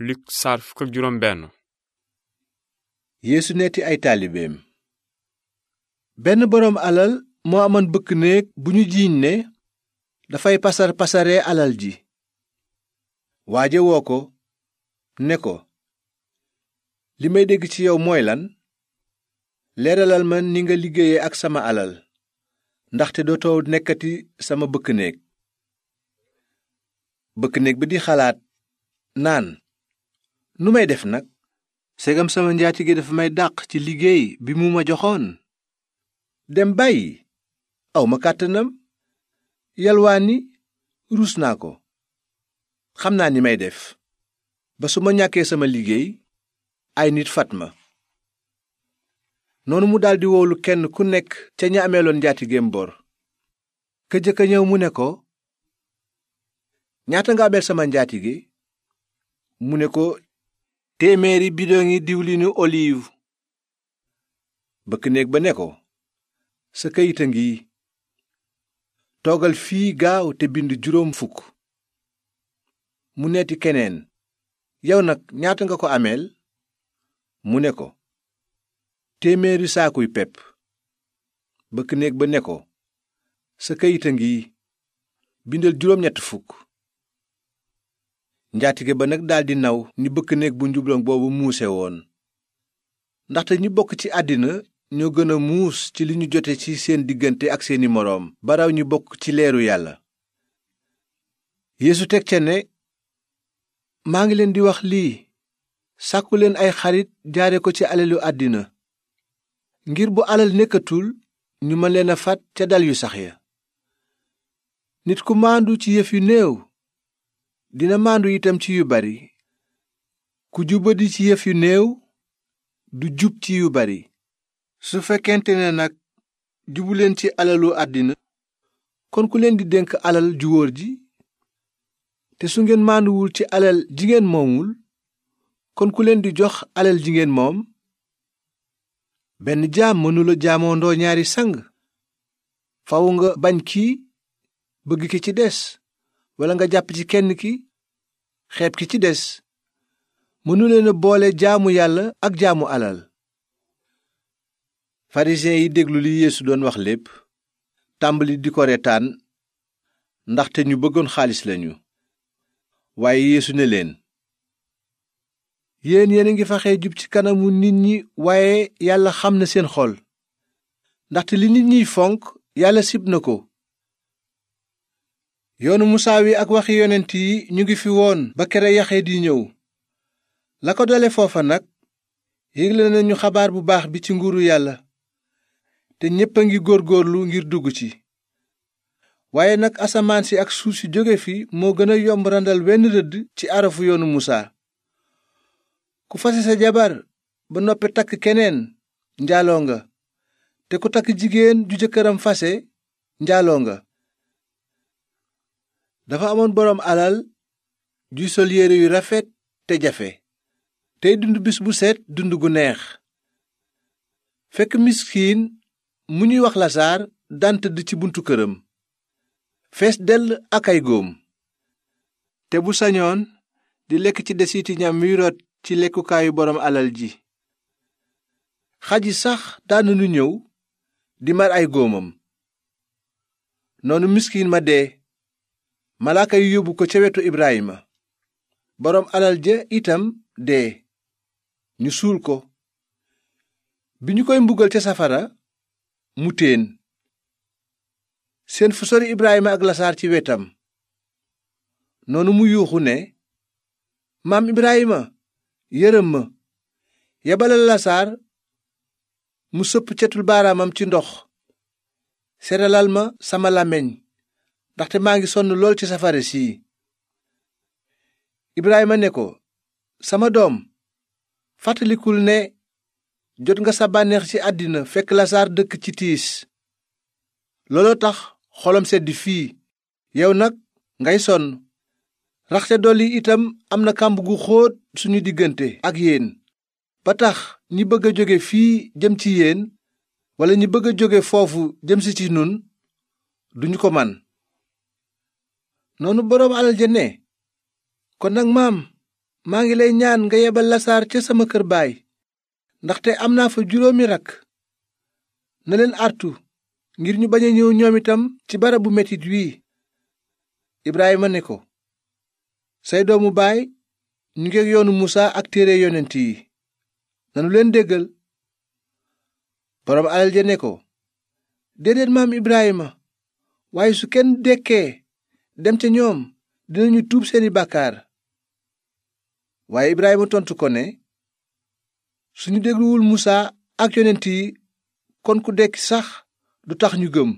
Luk saar fukk ak juróom benn. Yeesu ay taalibeem. benn boroom alal moo amoon bëkk néeg bu ñu jiiñ ne dafay pasar pasaree alal ji. waaje woo ko ne ko li may dégg ci yow mooy lan leeralal ma ni nga liggéeye ak sama alal ndaxte dootoo nekkati sama bëkk néeg bëkk néeg bi di xalaat naan nu may def nag segam sama njaatige dafa may dàq ci liggéey bi mu ma joxoon dem bàyyi awma kàttanam yalwaani ruus naa ko xam naa ni may def ba su ma ñàkkee sama liggéey ay nit fat ma noonu mu daldi woolu kenn ku nekk ca ña ameeloon njaatigeem bor ka jëkka ñëw mu ne ko ñaata nga abeel sama njaatige mu ne ko téeméeri bidoŋi diwlinu oliw bëkk néeg ba ne ko sa kayit a ngi toogal fii gaaw te bind juróom fukk mu neeti keneen yow nag ñaata nga ko ameel mu ne ko téeméeri saakuy pepp bëkk néeg ba ne ko sa kayit a ngi bindal juróom ñett fukk njaatige ba nag daldi naw ni bëkk néeg bu njubloŋ boobu muuse woon ndaxte ñi bokk ci àddina ñoo gën a muus ci li ñu jote ci seen diggante ak seeni moroom baraw ñu bokk ci leeru yàlla yéesu teg ca ne maa ngi leen di wax lii sàkku leen ay xarit jaare ko ci alelu àddina ngir bu alal nekkatul ñu mën leen a fat ca dal yu sax ya nit ku maandu ci yëf néew dina maandu itam ci yu bari ku jubadi ci yëf yu néew du jub ci yu bari su fekkente ne nag jubuleen ci alalu àddina kon ku leen di dénk alal ju wóor ji te su ngeen maanduwul ci alal ji ngeen moomul kon ku leen di jox alal ji ngeen moom benn jaam mënula jaamoondoo ñaari sang fawu nga bañ kii bëgg ki ci des walla nga jàpp ci kenn ki xeeb ki ci des mënu leen a boole jaamu yàlla ak jaamu alal farisiyen yi déglu li yeesu doon wax lépp tàmbali di ko retaan ndaxte ñu bëggoon xaalis lañu waaye yeesu ne leen yéen yéen a ngi faxe jub ci kanamu nit ñi waaye yàlla xam na seen xol ndaxte li nit ñiy fonk yàlla sib na ko yoonu musaa wi ak waxi yonent yi ñu ngi fi woon ba kere yaxe di ñëw la ko dale foofa nag yégle nañu xabaar bu baax bi ci nguuru yàlla te ñépp a ngi góor góorlu ngir dugg ci waaye nag asamaan si ak suuf si jóge fi moo gën a yomb randal wenn rëdd ci arafu yoonu musaa ku fase sa jabar ba noppi takk keneen njaaloo nga te ku takk jigéen ju jëkkëram fase njaaloo nga dafa amoon boroom alal ju sol yére yu rafet te jafe tey dund bis bu set dund gu neex fekk miskiin mu ñuy wax lasaar daan tëdd ci buntu këram fees dell ak ay góom te bu sañoon di lekk ci desiti ñam wi rot ci lekkukaayu boroom alal ji xaj sax daanu nu ñëw di mar ay góomam noonu miskiin ma dee malaaka yu yóbbu ko ca wetu Ibrahima boroom alal ja itam dee ñu suul ko bi ñu koy mbugal ca safara mu téen seen fu sori Ibrahima ak lasaar ci wetam noonu mu yuuxu ne maam Ibrahima yërëm ma yabalal lasaar mu sëpp cetul baaraamam ci ndox seralal ma sama làmmiñ ndaxte maa ngi sonn lool ci safara si Ibrahima ne ko sama doom fàttalikul ne jot nga sa bànneex ci àddina fekk lasaar dëkk ci tiis looloo tax xolam sedd fii yow nag ngay sonn raxte dolli itam am na kàmb gu xóot suñu diggante ak yéen ba tax ñi bëgg a jóge fii jëm ci yéen walla ñi bëgg a jóge foofu jëm si ci nun duñu ko man noonu boroom alal ja ne kon nag maam maa ngi lay ñaan nga yebal lasaar ca sama kër baay ndaxte am naa fa juróomi rakk naleen leen artu ngir ñu bañ a ñëw ñoom itam ci barabu metit wii Ibrahima ne ko say doomu baay ñu ngeeg yoonu Musaa ak téere yonent yi nanu leen déggal boroom alal ja ne ko déedéet maam Ibrahima waaye su kenn dekkee dem ca ñoom dinañu tuub seeni bàkkaar waaye Ibrahima tontu ko ne suñu dégluwul Musaa ak yonent yi kon ku dekki sax du tax ñu gëm